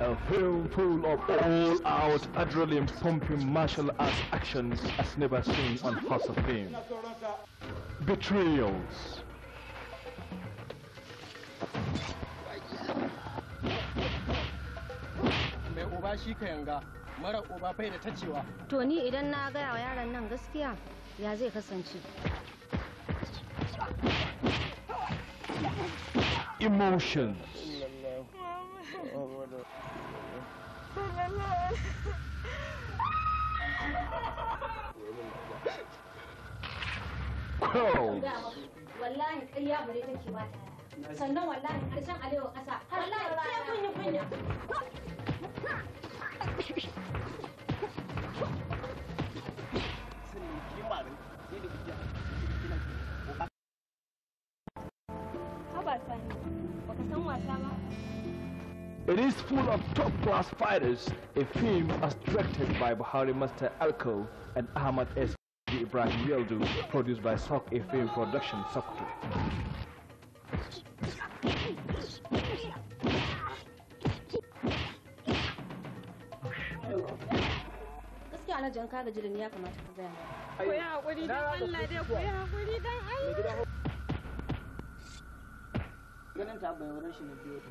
a film full of all-out adrenaline-pumping martial arts actions as never seen on House of Fame. Betrayals. Tony, uba don't know mara I fai da ta cewa. To ni idan Emotions. muhammadu wallahi ƙarya bare take ba ta sannan wallahi ƙarshen alewa ƙasa wallahi kunya kunya Haba sani, san wasa ba? It is full of top-class fighters, a film as directed by Buhari Master Alko and Ahmad S. Ibrahim Yeldu, produced by Sok A Film Production Secretary. da ya kamata hakuri Allah dai hakuri Allah ganin ta bai wurin shi biyo ta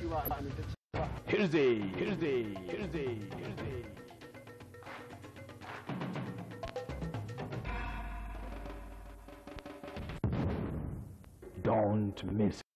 Here's Here's Here's the. Here's the. Don't miss.